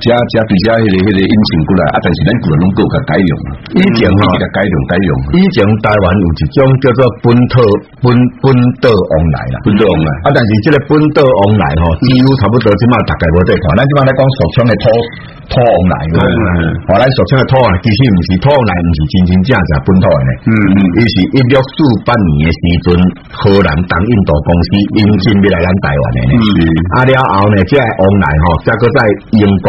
加加比加，佢哋，佢哋引進過來，啊！但是咱國內攏擱有佢改良，以前佢哋改良改良，以前台灣有一種叫做本土本本土往來啦，本土往來啊！但是即個本土往來吼，幾乎差不多，即嘛逐家無哋睇，咱即嘛你講俗稱嘅土土往來。咱俗稱嘅土，其實毋是土往來，毋是真真正正本土誒。嗯嗯，伊是一六四八年誒時陣，荷蘭東印度公司引進來咱台灣嗯，啊，了後呢，即個往來吼，則擱在英國。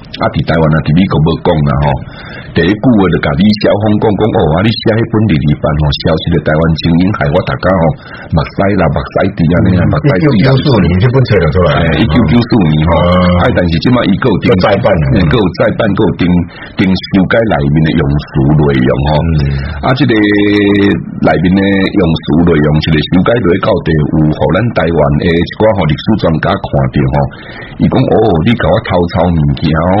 阿佇台灣啊，啲你講冇講啦？吼，第一句話就甲李小峰講講，哦，你寫一本歷史版，嗬，消失嘅台灣精英害我大家吼目屎啦，目屎啲啊，目屎滴一九九四年，一九九四年嗬，哎對，但是即咪一個點，一個再辦個定定修改內面的用詞內容嗬，啊，即、嗯啊這個內面的用詞內容，即、這個修改到到底有何咱台灣誒？一個歷史專家看着吼。伊講，哦，汝甲我偷抄物件嗬。